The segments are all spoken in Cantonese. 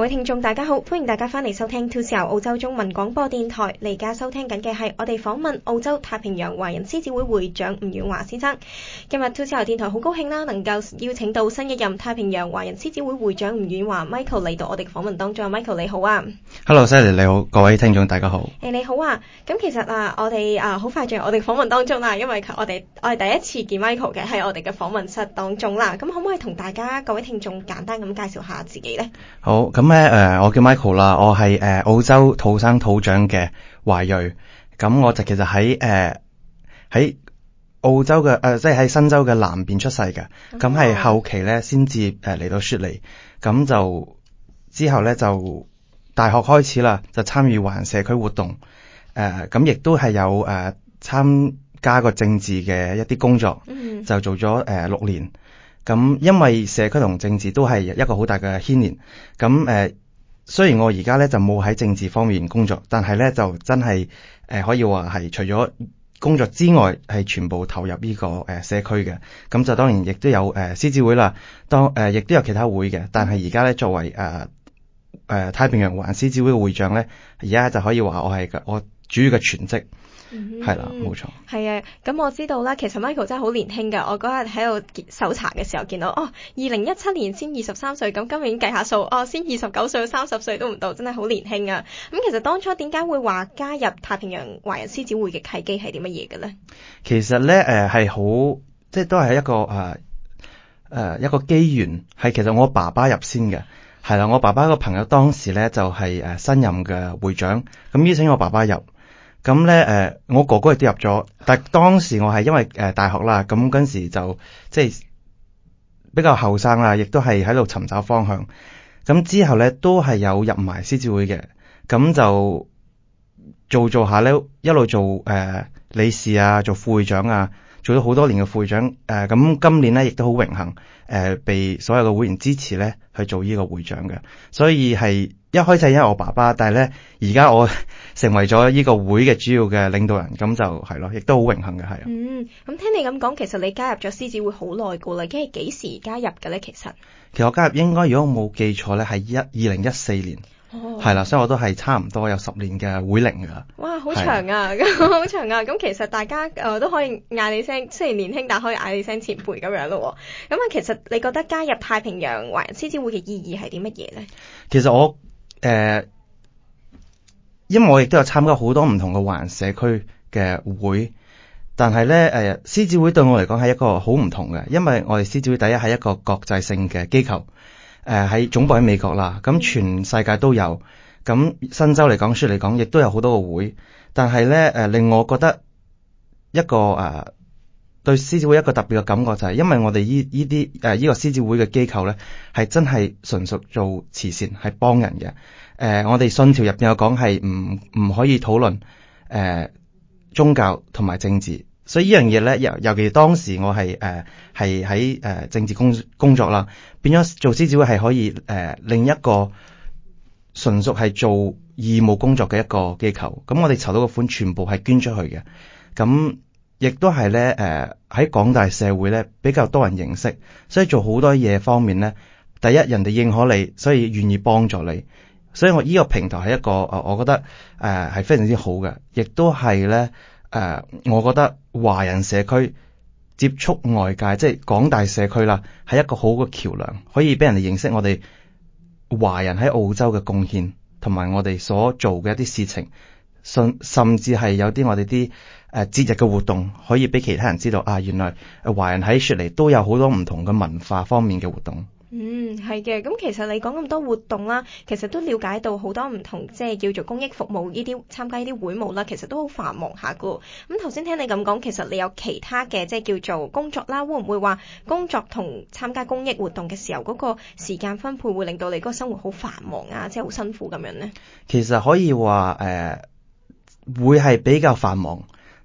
各位聽眾大家好，歡迎大家翻嚟收聽 2CR 澳洲中文廣播電台。而家收聽緊嘅係我哋訪問澳洲太平洋華人獅子會會長吳遠華先生。今日 2CR 電台好高興啦，能夠邀請到新一任太平洋華人獅子會會長吳遠華 Michael 嚟到我哋嘅訪問當中。Michael 你好啊。Hello Shirley 你好，各位聽眾大家好。誒、hey, 你好啊，咁其實啊，我哋啊好快進入我哋訪問當中啦，因為我哋我哋第一次見 Michael 嘅喺我哋嘅訪問室當中啦。咁可唔可以同大家各位聽眾簡單咁介紹下自己呢？好咁。咩誒、呃，我叫 Michael 啦，我係誒澳洲土生土長嘅華裔，咁我就其實喺誒喺澳洲嘅誒，即係喺新州嘅南邊出世嘅，咁係、oh、後期咧先至誒嚟到雪梨，咁就之後咧就大學開始啦，就參與華人社區活動，誒咁亦都係有誒、呃、參加個政治嘅一啲工作，mm hmm. 就做咗誒六年。咁，因為社區同政治都係一個好大嘅牽連。咁誒，雖然我而家咧就冇喺政治方面工作，但係咧就真係誒可以話係除咗工作之外，係全部投入呢個誒社區嘅。咁就當然亦都有誒獅子會啦，當誒亦、呃、都有其他會嘅。但係而家咧作為誒誒、呃呃、太平洋華人獅子會會長咧，而家就可以話我係我。主要嘅全職係啦，冇錯係啊。咁我知道啦，其實 Michael 真係好年輕嘅。我嗰日喺度搜查嘅時候，見到哦，二零一七年先二十三歲，咁今年已經計下數，哦，先二十九歲，三十歲都唔到，真係好年輕啊！咁、嗯、其實當初點解會話加入太平洋華人獅子會嘅契機係啲乜嘢嘅咧？其實咧，誒係好即係都係一個誒誒、呃呃、一個機緣係。其實我爸爸入先嘅係啦，我爸爸一個朋友當時咧就係、是、誒新任嘅會長咁邀請我爸爸入。咁咧，誒、呃，我哥哥亦都入咗，但係當時我係因為誒、呃、大學啦，咁嗰時就即係比較後生啦，亦都係喺度尋找方向。咁之後咧，都係有入埋獅子會嘅，咁就做做下咧，一路做誒、呃、理事啊，做副會長啊，做咗好多年嘅副會長。誒、呃、咁今年咧，亦都好榮幸誒、呃，被所有嘅會員支持咧，去做呢個會長嘅，所以係。一開始因為我爸爸，但係咧而家，我成為咗呢個會嘅主要嘅領導人，咁就係咯，亦都好榮幸嘅係。嗯，咁聽你咁講，其實你加入咗獅子會好耐噶啦，咁係幾時加入嘅咧？其實，其實我加入應該如果我冇記錯咧，係一二零一四年，係啦，哦，所以我都係差唔多有十年嘅會齡噶啦。哇，好長啊，好長啊！咁 其實大家誒、呃、都可以嗌你聲，雖然年輕，但可以嗌你聲前輩咁樣咯。咁啊，其實你覺得加入太平洋華人獅子會嘅意義係啲乜嘢咧？其實我。誒、uh, 呃，因為我亦都有參加好多唔同嘅華人社區嘅會，但係咧，誒獅子會對我嚟講係一個好唔同嘅，因為我哋獅子會第一係一個國際性嘅機構，誒、呃、喺總部喺美國啦，咁全世界都有，咁新州嚟講、書說嚟講，亦都有好多個會，但係咧，誒、呃、令我覺得一個誒。呃對獅子會一個特別嘅感覺就係，因為我哋呢呢啲誒呢個獅子會嘅機構咧，係真係純屬做慈善，係幫人嘅。誒、呃，我哋信條入邊有講係唔唔可以討論誒、呃、宗教同埋政治，所以呢樣嘢咧，尤尤其當時我係誒係喺誒政治工工作啦，變咗做獅子會係可以誒、呃、另一個純屬係做義務工作嘅一個機構。咁我哋籌到個款全部係捐出去嘅，咁。亦都係咧，誒喺廣大社會咧比較多人認識，所以做好多嘢方面咧，第一人哋認可你，所以願意幫助你，所以我呢個平台係一個誒、呃，我覺得誒係、呃、非常之好嘅，亦都係咧誒，我覺得華人社區接觸外界即係廣大社區啦，係一個好嘅橋樑，可以俾人哋認識我哋華人喺澳洲嘅貢獻，同埋我哋所做嘅一啲事情，甚甚至係有啲我哋啲。誒，節日嘅活動可以俾其他人知道啊。原來誒，華人喺雪梨都有好多唔同嘅文化方面嘅活動。嗯，係嘅。咁其實你講咁多活動啦，其實都了解到好多唔同，即係叫做公益服務呢啲參加呢啲會務啦，其實都好繁忙下噶。咁頭先聽你咁講，其實你有其他嘅即係叫做工作啦，會唔會話工作同參加公益活動嘅時候嗰個時間分配會令到你嗰個生活好繁忙啊？即係好辛苦咁樣呢？其實可以話誒，會係比較繁忙。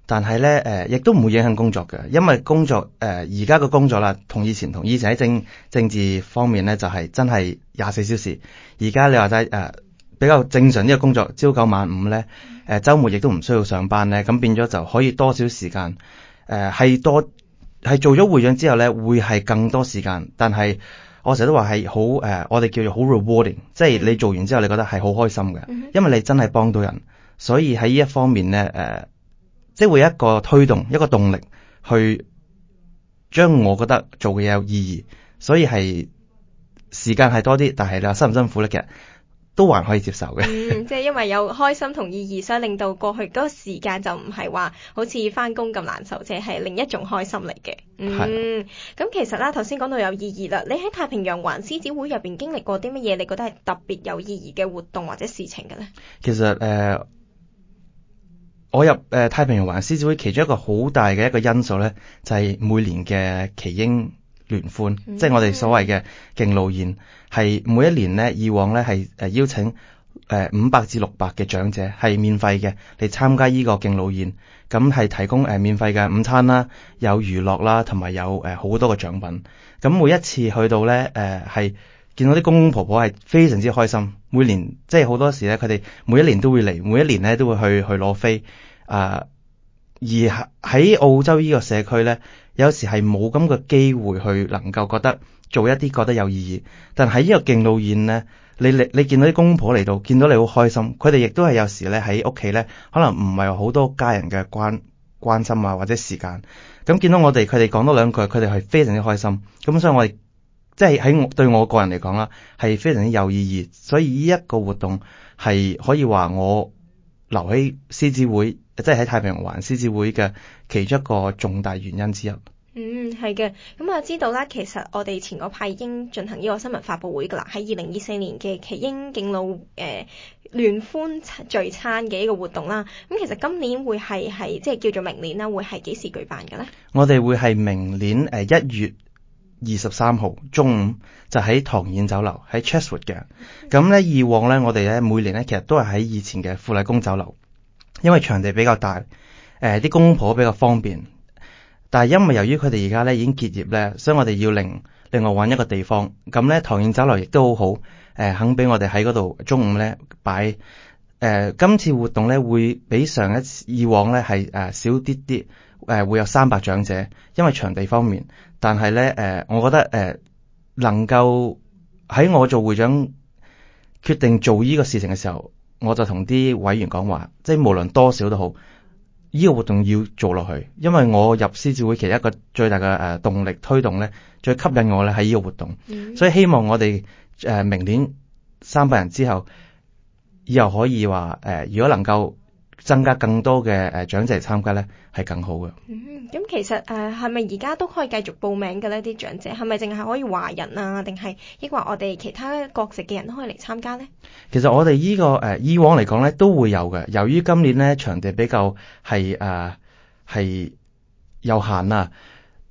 但係咧，誒、呃，亦都唔會影響工作嘅，因為工作誒而家嘅工作啦，同以前同以前喺政政治方面咧，就係、是、真係廿四小時。而家你話齋誒比較正常啲嘅工作，朝九晚五咧，誒、呃，週末亦都唔需要上班咧，咁變咗就可以多少時間誒係多係做咗會長之後咧，會係更多時間。但係我成日都話係好誒，我哋叫做好 rewarding，即係你做完之後，你覺得係好開心嘅，因為你真係幫到人，所以喺呢一方面咧，誒、呃。即係會有一個推動，一個動力去將我覺得做嘅嘢有意義，所以係時間係多啲，但係你辛唔辛苦咧嘅，其實都還可以接受嘅、嗯。即係因為有開心同意義，所以令到過去嗰個時間就唔係話好似翻工咁難受，即係係另一種開心嚟嘅。嗯，咁是的、嗯、其實啦，頭先講到有意義啦，你喺太平洋華獅子會入邊經歷過啲乜嘢？你覺得係特別有意義嘅活動或者事情嘅咧？其實誒。呃我入誒太平洋華人獅子會，其中一個好大嘅一個因素咧，就係每年嘅耆英聯歡，mm hmm. 即係我哋所謂嘅敬老宴，係每一年咧，以往咧係誒邀請誒五百至六百嘅長者係免費嘅嚟參加依個敬老宴，咁係提供誒免費嘅午餐啦，有娛樂啦，同埋有誒好多嘅獎品。咁每一次去到咧誒係見到啲公公婆婆係非常之開心。每年即係好多時咧，佢哋每一年都會嚟，每一年咧都會去去攞飛。啊！Uh, 而喺澳洲呢個社區呢，有時係冇咁個機會去能夠覺得做一啲覺得有意義。但喺呢個敬老宴呢，你你你見到啲公婆嚟到，見到你好開心，佢哋亦都係有時呢，喺屋企呢，可能唔係好多家人嘅關關心啊，或者時間。咁見到我哋，佢哋講多兩句，佢哋係非常之開心。咁所以我哋即係喺對我個人嚟講啦，係非常之有意義。所以呢一個活動係可以話我留喺獅子會。即係喺太平洋環獅子會嘅其中一個重大原因之一。嗯，係、嗯、嘅。咁、嗯嗯、我知道啦，其實我哋前嗰排已經進行呢個新聞發布會噶啦，喺二零二四年嘅奇英敬老誒聯歡聚餐嘅一個活動啦。咁、嗯、其實今年會係係即係叫做明年啦，會係幾時舉辦嘅咧？我哋會係明年誒一月二十三號中午就喺唐苑酒樓喺 Chesswood 嘅。咁咧以往咧，我哋咧每年咧其實都係喺以前嘅富麗宮酒樓。因為場地比較大，誒、呃、啲公，公婆比較方便，但係因為由於佢哋而家咧已經結業咧，所以我哋要另另外揾一個地方。咁咧，唐燕酒樓亦都好好，誒、呃、肯俾我哋喺嗰度中午咧擺。誒、呃、今次活動咧會比上一次以往咧係誒少啲啲，誒、呃、會有三百長者，因為場地方面。但係咧誒，我覺得誒、呃、能夠喺我做會長決定做呢個事情嘅時候，我就同啲委員講話，即係無論多少都好，呢個活動要做落去，因為我入獅子會其實一個最大嘅誒動力推動咧，最吸引我咧係呢個活動，mm hmm. 所以希望我哋誒明年三百人之後以後可以話誒如果能夠。增加更多嘅誒長者嚟參加咧，係更好嘅，嗯。嗯，咁其實誒係咪而家都可以繼續報名嘅呢？啲長者係咪淨係可以華人啊，定係抑或我哋其他國籍嘅人都可以嚟參加咧？其實我哋依、這個誒、呃、以往嚟講咧都會有嘅。由於今年咧場地比較係誒係有限啊，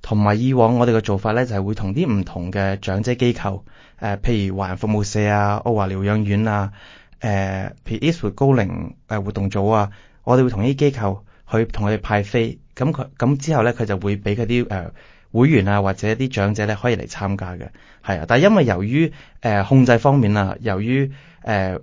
同埋以往我哋嘅做法咧就係、是、會同啲唔同嘅長者機構誒、呃，譬如華人服務社啊、澳華療養院啊。誒，譬、呃、如 issue 高齡誒活動組啊，我哋會同啲機構去同佢哋派飛，咁佢咁之後咧，佢就會俾嗰啲誒會員啊或者啲長者咧可以嚟參加嘅，係啊。但係因為由於誒、呃、控制方面啊，由於誒、呃、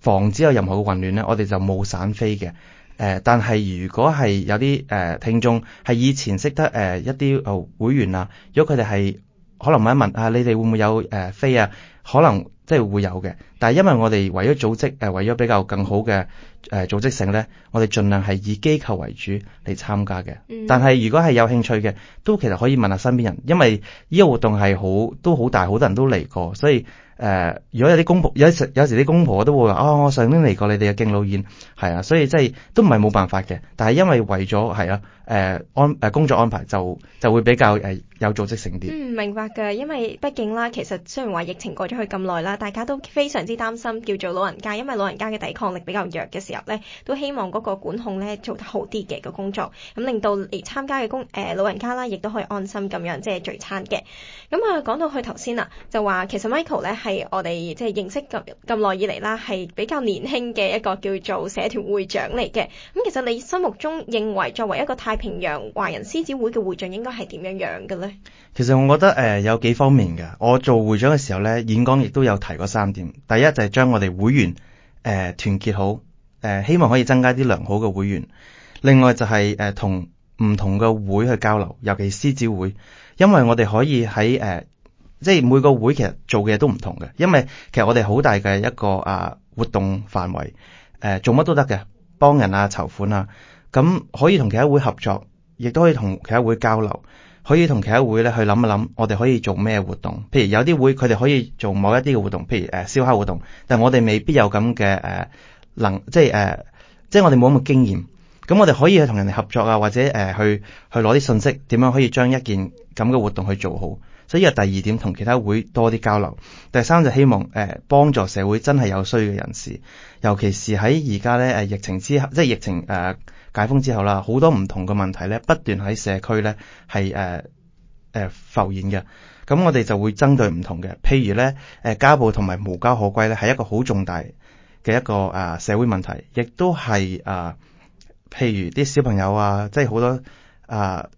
防止有任何嘅混亂咧，我哋就冇散飛嘅。誒、呃，但係如果係有啲誒、呃、聽眾係以前識得誒一啲誒會員啊，如果佢哋係可能問一問啊，你哋會唔會有誒、呃、飛啊？可能。即係會有嘅，但係因為我哋為咗組織，誒、呃、為咗比較更好嘅誒、呃、組織性咧，我哋盡量係以機構為主嚟參加嘅。嗯、但係如果係有興趣嘅，都其實可以問下身邊人，因為依個活動係好都好大，好多人都嚟過，所以誒、呃、如果有啲公婆有時有時啲公婆都會話，啊、哦，我上年嚟過你哋嘅敬老院，係啊，所以即、就、係、是、都唔係冇辦法嘅。但係因為為咗係啊。誒、安、誒、工作安排就就會比較誒、有組織性啲。嗯，明白㗎，因為畢竟啦，其實雖然話疫情過咗去咁耐啦，大家都非常之擔心叫做老人家，因為老人家嘅抵抗力比較弱嘅時候咧，都希望嗰個管控咧做得好啲嘅個工作，咁令到嚟參加嘅公、誒老人家啦，亦都可以安心咁樣即係聚餐嘅。咁、嗯、啊，講到去頭先啦，就話其實 Michael 咧係我哋即係認識咁咁耐以嚟啦，係比較年輕嘅一個叫做社團會長嚟嘅。咁、嗯、其實你心目中認為作為一個太太平洋華人獅子會嘅會長應該係點樣樣嘅咧？其實我覺得誒、呃、有幾方面嘅。我做會長嘅時候咧，演講亦都有提過三點。第一就係將我哋會員誒團、呃、結好，誒、呃、希望可以增加啲良好嘅會員。另外就係、是、誒、呃、同唔同嘅會去交流，尤其獅子會，因為我哋可以喺誒、呃、即係每個會其實做嘅嘢都唔同嘅。因為其實我哋好大嘅一個啊活動範圍，誒、呃、做乜都得嘅，幫人啊籌款啊。咁可以同其他會合作，亦都可以同其他會交流，可以同其他會咧去諗一諗，我哋可以做咩活動？譬如有啲會，佢哋可以做某一啲嘅活動，譬如誒燒烤活動，但係我哋未必有咁嘅誒能，即係誒、呃，即係我哋冇咁嘅經驗。咁我哋可以去同人哋合作啊，或者誒、呃、去去攞啲信息，點樣可以將一件咁嘅活動去做好。所以第二點同其他會多啲交流。第三就希望誒、呃、幫助社會真係有需要嘅人士，尤其是喺而家咧誒疫情之後，即係疫情誒、呃、解封之後啦，好多唔同嘅問題咧不斷喺社區咧係誒誒浮現嘅。咁我哋就會針對唔同嘅，譬如咧誒、呃、家暴同埋無家可歸咧係一個好重大嘅一個啊、呃、社會問題，亦都係啊、呃、譬如啲小朋友啊，即係好多啊、呃、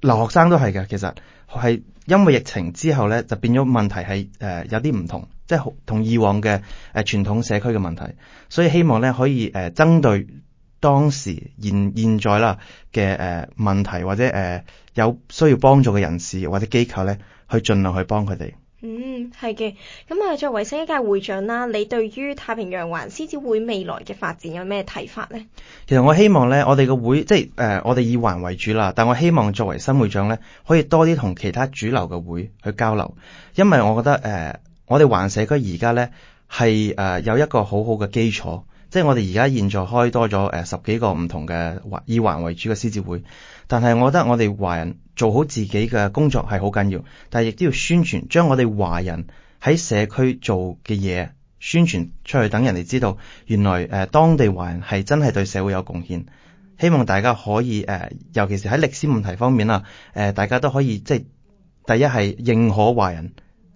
留學生都係嘅，其實。係因為疫情之後咧，就變咗問題係誒有啲唔同，即係同以往嘅誒傳統社區嘅問題。所以希望咧可以誒針對當時現現在啦嘅誒問題，或者誒有需要幫助嘅人士或者機構咧，去盡量去幫佢哋。嗯，係嘅。咁啊，作為新一屆會長啦，你對於太平洋華獅子會未來嘅發展有咩睇法呢？其實我希望呢，我哋個會即係誒、呃，我哋以華為主啦。但我希望作為新會長呢，可以多啲同其他主流嘅會去交流，因為我覺得誒、呃，我哋華社區而家呢，係誒、呃、有一個好好嘅基礎。即係我哋而家現在開多咗誒十幾個唔同嘅華以華為主嘅獅子會，但係我覺得我哋華人做好自己嘅工作係好緊要，但係亦都要宣傳，將我哋華人喺社區做嘅嘢宣傳出去，等人哋知道原來誒、呃、當地華人係真係對社會有貢獻。希望大家可以誒、呃，尤其是喺歷史問題方面啦，誒、呃、大家都可以即係第一係認可華人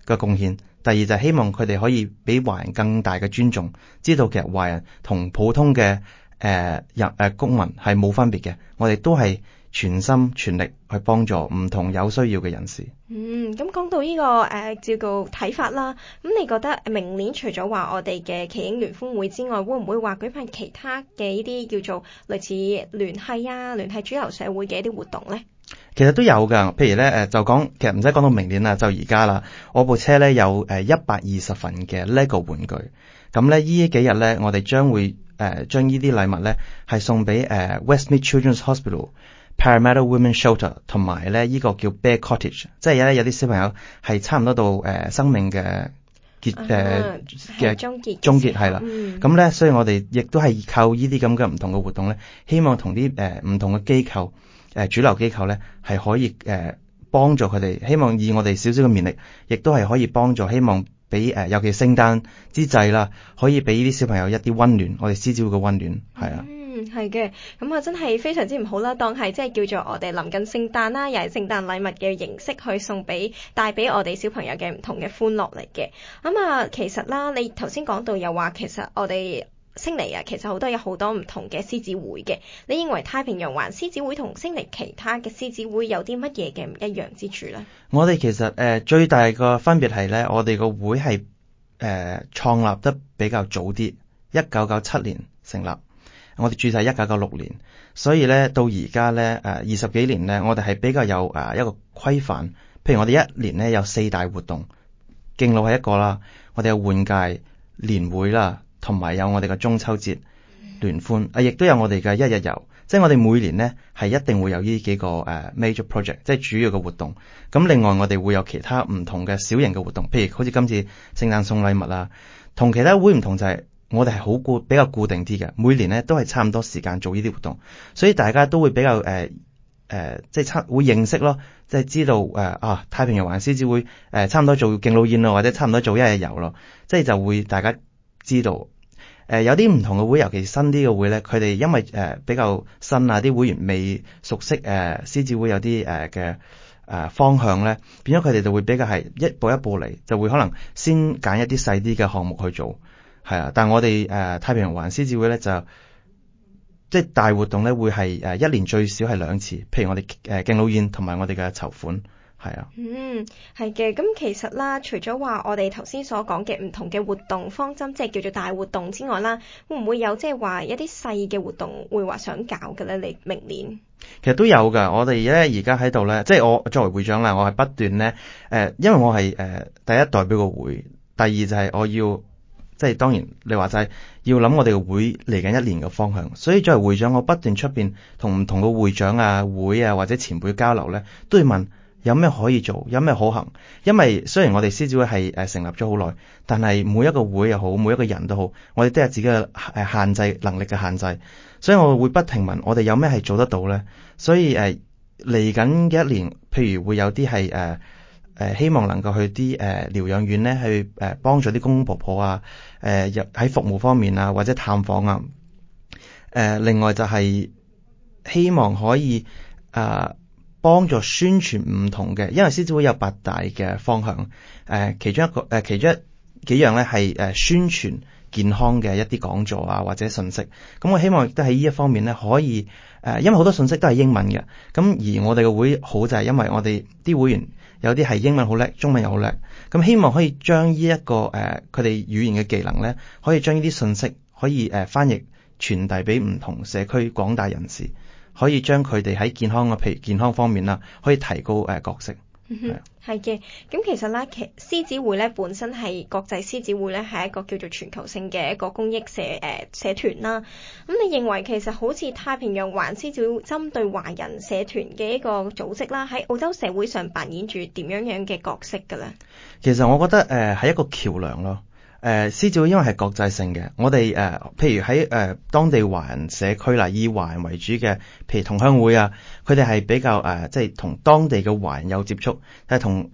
嘅貢獻。第二就係希望佢哋可以俾華人更大嘅尊重，知道其實華人同普通嘅誒人誒公民係冇分別嘅，我哋都係全心全力去幫助唔同有需要嘅人士。嗯，咁講到呢、這個誒、呃，照舊睇法，啦，咁你覺得明年除咗話我哋嘅奇影聯歡會之外，會唔會話舉辦其他嘅呢啲叫做類似聯繫啊，聯繫主流社會嘅一啲活動咧？其實都有㗎，譬如咧誒，就講其實唔使講到明年啦，就而家啦。我部車咧有誒一百二十份嘅 LEGO 玩具，咁咧依幾日咧，我哋將會誒、呃、將呢啲禮物咧係送俾誒、呃、Westmead Children's Hospital Par ter、Parramatta Women Shelter 同埋咧依個叫 Bear Cottage，即係咧有啲小朋友係差唔多到誒、呃、生命嘅結誒嘅終結，終、啊呃、結係啦。咁咧，所以我哋亦都係靠依啲咁嘅唔同嘅活動咧，希望、呃、同啲誒唔同嘅機構。誒主流機構咧係可以誒、呃、幫助佢哋，希望以我哋少少嘅綿力，亦都係可以幫助，希望俾誒、呃、尤其聖誕之際啦，可以俾啲小朋友一啲溫暖，我哋獅子會嘅溫暖係啊、嗯。嗯，係嘅，咁啊真係非常之唔好啦，當係即係叫做我哋臨近聖誕啦，又係聖誕禮物嘅形式去送俾帶俾我哋小朋友嘅唔同嘅歡樂嚟嘅。咁、嗯、啊，其實啦，你頭先講到又話其實我哋。悉尼啊，其實好多有好多唔同嘅獅子會嘅，你認為太平洋華人獅子會同悉尼其他嘅獅子會有啲乜嘢嘅唔一樣之處咧、呃？我哋其實誒最大個分別係咧，我哋個會係誒創立得比較早啲，一九九七年成立，我哋註冊係一九九六年，所以咧到而家咧誒二十幾年咧，我哋係比較有誒一個規範，譬如我哋一年咧有四大活動，敬老係一個啦，我哋有換屆年會啦。同埋有我哋嘅中秋節聯歡，啊，亦都有我哋嘅一日遊，即係我哋每年呢係一定會有呢幾個誒 major project，即係主要嘅活動。咁另外我哋會有其他唔同嘅小型嘅活動，譬如好似今次聖誕送禮物啦。同其他會唔同就係、是、我哋係好固比較固定啲嘅，每年呢都係差唔多時間做呢啲活動，所以大家都會比較誒誒、呃呃，即係差會認識咯，即係知道誒啊、呃，太平洋華人獅子會誒、呃、差唔多做敬老宴咯，或者差唔多做一日遊咯，即係就會大家知道。誒、呃、有啲唔同嘅會，尤其是新啲嘅會咧，佢哋因為誒、呃、比較新啊，啲會員未熟悉誒、呃、獅子會有啲誒嘅誒方向咧，變咗佢哋就會比較係一步一步嚟，就會可能先揀一啲細啲嘅項目去做，係啊，但係我哋誒、呃、太平洋環獅子會，太平洋華人獅子會咧就即係大活動咧會係誒一年最少係兩次，譬如我哋誒敬老宴同埋我哋嘅籌款。係啊，嗯，係嘅。咁其實啦，除咗話我哋頭先所講嘅唔同嘅活動方針，即係叫做大活動之外啦，會唔會有即係話一啲細嘅活動會話想搞嘅咧？你明年其實都有㗎。我哋咧而家喺度咧，即係我作為會長啦，我係不斷咧誒、呃，因為我係誒、呃、第一代表個會，第二就係我要即係當然你話齋係要諗我哋個會嚟緊一年嘅方向。所以作為會長，我不斷出邊同唔同嘅會長啊、會啊或者前輩交流咧，都要問。有咩可以做，有咩可行？因為雖然我哋獅子會係誒、呃、成立咗好耐，但係每一個會又好，每一個人都好，我哋都有自己嘅誒限制能力嘅限制，所以我會不停問，我哋有咩係做得到咧？所以誒嚟緊嘅一年，譬如會有啲係誒誒希望能夠去啲誒療養院咧，去誒幫、呃、助啲公公婆婆啊，誒入喺服務方面啊，或者探訪啊，誒、呃、另外就係希望可以啊。呃幫助宣傳唔同嘅，因為獅子會有八大嘅方向，誒、呃，其中一個誒、呃，其中一幾樣咧係誒宣傳健康嘅一啲講座啊或者信息。咁、嗯、我希望亦都喺呢一方面咧可以誒、呃，因為好多信息都係英文嘅，咁而我哋嘅會好就係因為我哋啲會員有啲係英文好叻，中文又好叻，咁、嗯、希望可以將呢、這、一個誒佢哋語言嘅技能咧，可以將呢啲信息可以誒、呃、翻譯傳遞俾唔同社區廣大人士。可以將佢哋喺健康嘅，譬如健康方面啦，可以提高誒、呃、角色係嘅。咁、嗯、哼其實咧，其呢獅子會咧本身係國際獅子會咧，係一個叫做全球性嘅一個公益社誒、呃、社團啦。咁你認為其實好似太平洋華人獅子會針對華人社團嘅一個組織啦，喺澳洲社會上扮演住點樣樣嘅角色㗎咧？其實我覺得誒係、呃、一個橋梁咯。誒獅子會因為係國際性嘅，我哋誒、呃、譬如喺誒、呃、當地華人社區嗱，以華人為主嘅，譬如同鄉會啊，佢哋係比較誒、呃，即係同當地嘅華人有接觸，但係同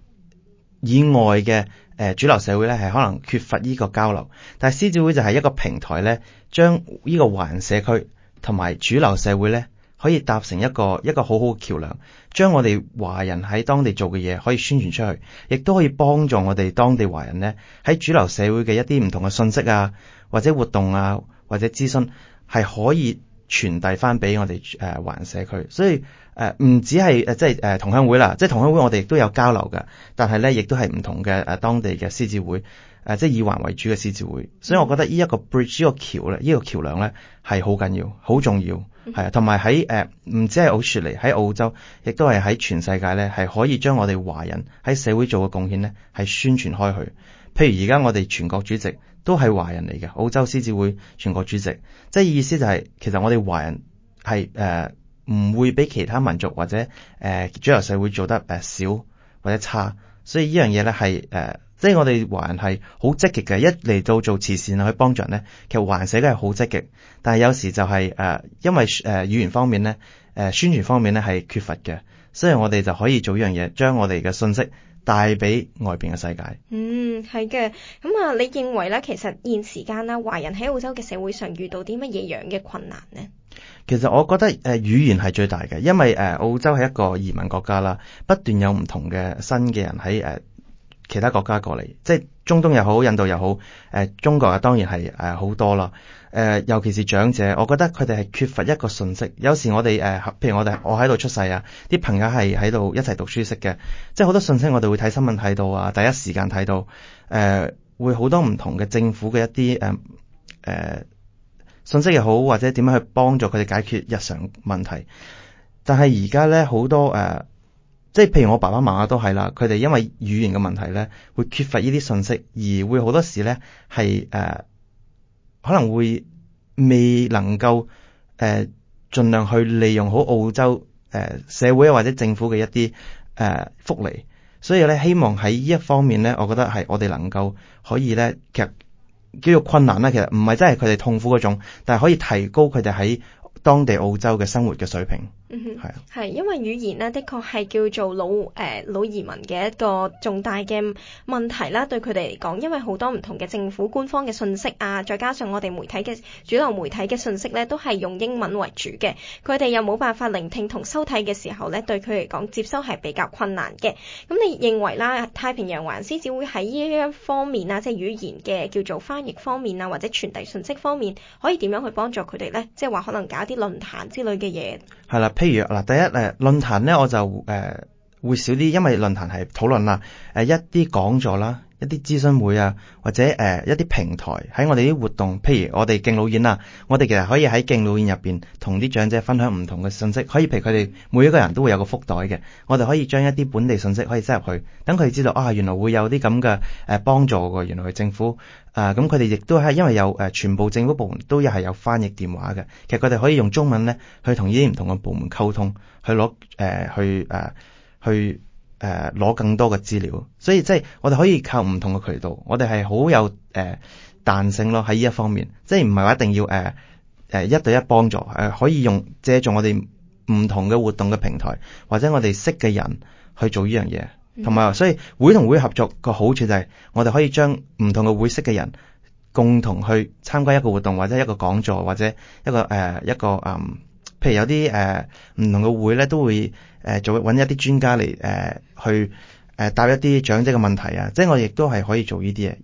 以外嘅誒、呃、主流社會咧，係可能缺乏依個交流。但係獅子會就係一個平台咧，將依個華人社區同埋主流社會咧。可以搭成一個一個好好嘅橋梁，將我哋華人喺當地做嘅嘢可以宣傳出去，亦都可以幫助我哋當地華人呢喺主流社會嘅一啲唔同嘅信息啊，或者活動啊，或者諮詢係可以傳遞翻俾我哋誒華人社區。所以誒唔止係誒即係誒同鄉會啦，即係同鄉會我哋亦都有交流嘅，但係呢亦都係唔同嘅誒、呃、當地嘅獅子會。誒，即係以華人為主嘅獅子會，所以我覺得呢一個 bridge，依個橋咧，依、依個橋梁咧係好緊要，好重要，係啊，同埋喺誒唔止係悉尼、喺澳洲亦都係喺全世界咧係可以將我哋華人喺社會做嘅貢獻咧係宣傳開去。譬如而家我哋全國主席都係華人嚟嘅，澳洲獅子會全國主席，即係意思就係、是、其實我哋華人係誒唔會比其他民族或者誒、呃、主流社會做得誒少、呃、或者差，所以呢樣嘢咧係誒。即係我哋華人係好積極嘅，一嚟到做慈善去幫助人咧，其實華社得係好積極。但係有時就係、是、誒、呃，因為誒語言方面咧，誒、呃、宣傳方面咧係缺乏嘅，所以我哋就可以做一樣嘢，將我哋嘅信息帶俾外邊嘅世界。嗯，係嘅。咁啊，你認為咧，其實現時間啦，華人喺澳洲嘅社會上遇到啲乜嘢樣嘅困難呢？其實我覺得誒，語言係最大嘅，因為誒澳洲係一個移民國家啦，不斷有唔同嘅新嘅人喺誒。其他國家過嚟，即係中東又好，印度又好，誒、呃、中國啊當然係誒好多啦，誒、呃、尤其是長者，我覺得佢哋係缺乏一個信息。有時我哋誒、呃，譬如我哋我喺度出世啊，啲朋友係喺度一齊讀書識嘅，即係好多信息我哋會睇新聞睇到啊，第一時間睇到，誒、啊、會好多唔同嘅政府嘅一啲誒誒信息又好，或者點樣去幫助佢哋解決日常問題。但係而家咧好多誒。啊。即係譬如我爸爸媽媽都係啦，佢哋因為語言嘅問題咧，會缺乏呢啲信息，而會好多時咧係誒可能會未能夠誒盡量去利用好澳洲誒、呃、社會或者政府嘅一啲誒、呃、福利，所以咧希望喺呢一方面咧，我覺得係我哋能夠可以咧，其實叫做困難啦，其實唔係真係佢哋痛苦嗰種，但係可以提高佢哋喺當地澳洲嘅生活嘅水平。嗯哼，係係是因為語言呢，的確係叫做老誒、呃、老移民嘅一個重大嘅問題啦，對佢哋嚟講，因為好多唔同嘅政府官方嘅信息啊，再加上我哋媒體嘅主流媒體嘅信息呢，都係用英文為主嘅，佢哋又冇辦法聆聽同收睇嘅時候呢，對佢嚟講接收係比較困難嘅。咁你認為啦，太平洋華人獅子會喺呢一方面啊，即係語言嘅叫做翻譯方面啊，或者傳遞信息方面，可以點樣去幫助佢哋呢？即係話可能搞啲論壇之類嘅嘢。係啦。譬如嗱，第一誒，論壇咧，我就誒、呃、會少啲，因為論壇係討論啦，誒、呃，一啲講座啦。一啲諮詢會啊，或者誒、呃、一啲平台喺我哋啲活動，譬如我哋敬老院啊，我哋其實可以喺敬老院入邊同啲長者分享唔同嘅信息，可以譬如佢哋每一個人都會有個福袋嘅，我哋可以將一啲本地信息可以塞入去，等佢哋知道啊，原來會有啲咁嘅誒幫助嘅，原來嘅政府啊，咁佢哋亦都係因為有誒、呃、全部政府部門都係有翻譯電話嘅，其實佢哋可以用中文咧去同呢啲唔同嘅部門溝通，去攞誒去誒去，呃去呃去誒攞、呃、更多嘅資料，所以即係我哋可以靠唔同嘅渠道，我哋係好有誒、呃、彈性咯喺呢一方面，即係唔係話一定要誒誒、呃呃、一對一幫助，誒、呃、可以用借助我哋唔同嘅活動嘅平台，或者我哋識嘅人去做呢樣嘢，同埋、嗯、所以會同會合作個好處就係我哋可以將唔同嘅會識嘅人共同去參加一個活動，或者一個講座，或者一個誒、呃、一個嗯。譬如有啲誒唔同嘅會咧，都會誒做揾一啲專家嚟誒、呃、去誒、呃、答一啲長者嘅問題啊，即係我亦都係可以做呢啲嘅。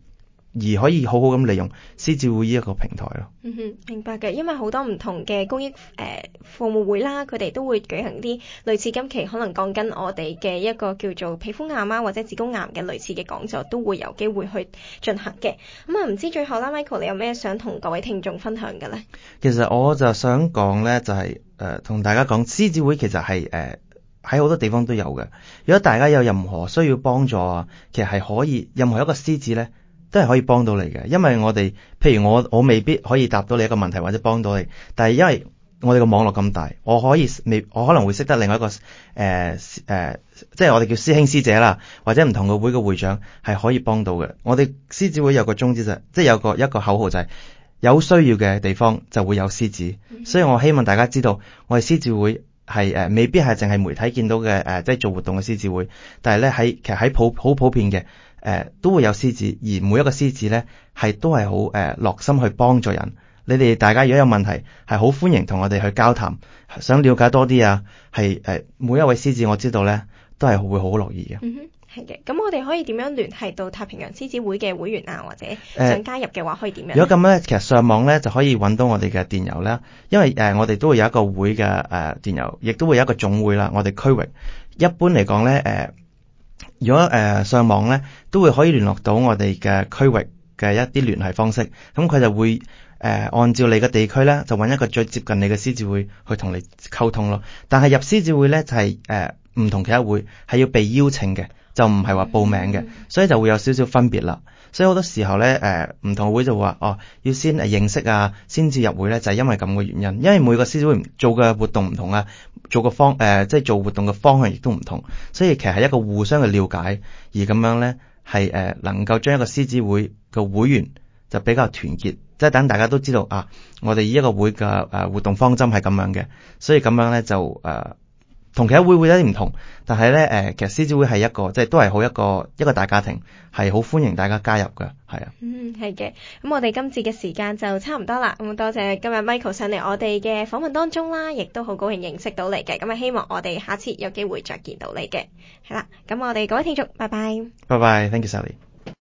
而可以好好咁利用獅子會呢一個平台咯。嗯哼，明白嘅，因為好多唔同嘅公益誒、呃、服務會啦，佢哋都會舉行啲類似今期可能講緊我哋嘅一個叫做皮膚癌啊或者子宮癌嘅類似嘅講座，都會有機會去進行嘅。咁、嗯、啊，唔知最後啦，Michael，你有咩想同各位聽眾分享嘅咧？其實我就想講咧，就係誒同大家講，獅子會其實係誒喺好多地方都有嘅。如果大家有任何需要幫助啊，其實係可以任何一個獅子咧。都係可以幫到你嘅，因為我哋，譬如我我未必可以答到你一個問題或者幫到你，但係因為我哋個網絡咁大，我可以未我可能會識得另外一個誒誒、呃呃，即係我哋叫師兄師姐啦，或者唔同嘅會嘅會長係可以幫到嘅。我哋獅子會有個宗旨就即係有個一個口號就係、是、有需要嘅地方就會有獅子，所以我希望大家知道我哋獅子會。係誒、呃、未必係淨係媒體見到嘅誒、呃，即係做活動嘅獅子會，但係呢喺其實喺普好普遍嘅誒、呃、都會有獅子，而每一個獅子呢係都係好誒落心去幫助人。你哋大家如果有問題，係好歡迎同我哋去交談，想了解多啲啊，係誒、呃、每一位獅子我知道呢都係會好樂意嘅。Mm-hmm. 係嘅，咁我哋可以點樣聯繫到太平洋獅子會嘅會員啊？或者想加入嘅話，可以點樣呢、呃？如果咁咧，其實上網咧就可以揾到我哋嘅電郵啦，因為誒、呃，我哋都會有一個會嘅誒、呃、電郵，亦都會有一個總會啦。我哋區域一般嚟講咧，誒、呃，如果誒上網咧都會可以聯絡到我哋嘅區域嘅一啲聯繫方式，咁、嗯、佢就會誒、呃、按照你嘅地區咧就揾一個最接近你嘅獅子會去同你溝通咯。但係入獅子會咧就係誒唔同其他會係要被邀請嘅。就唔係話報名嘅，所以就會有少少分別啦。所以好多時候咧，誒、呃、唔同會就會話哦，要先誒認識啊，先至入會咧，就係、是、因為咁嘅原因。因為每個獅子會做嘅活動唔同啊，做個方誒、呃、即係做活動嘅方向亦都唔同，所以其實係一個互相嘅了解而咁樣咧，係誒、呃、能夠將一個獅子會嘅會員就比較團結，即係等大家都知道啊，我哋以一個會嘅誒、呃、活動方針係咁樣嘅，所以咁樣咧就誒。呃同其他會會有啲唔同，但係咧誒，其實獅子會係一個即係都係好一個一個大家庭，係好歡迎大家加入嘅，係啊。嗯，係嘅。咁我哋今次嘅時間就差唔多啦。咁多謝今日 Michael 上嚟我哋嘅訪問當中啦，亦都好高興認識到你嘅。咁啊，希望我哋下次有機會再見到你嘅。係啦，咁我哋各位聽眾，拜拜。拜拜，thank you，Sally。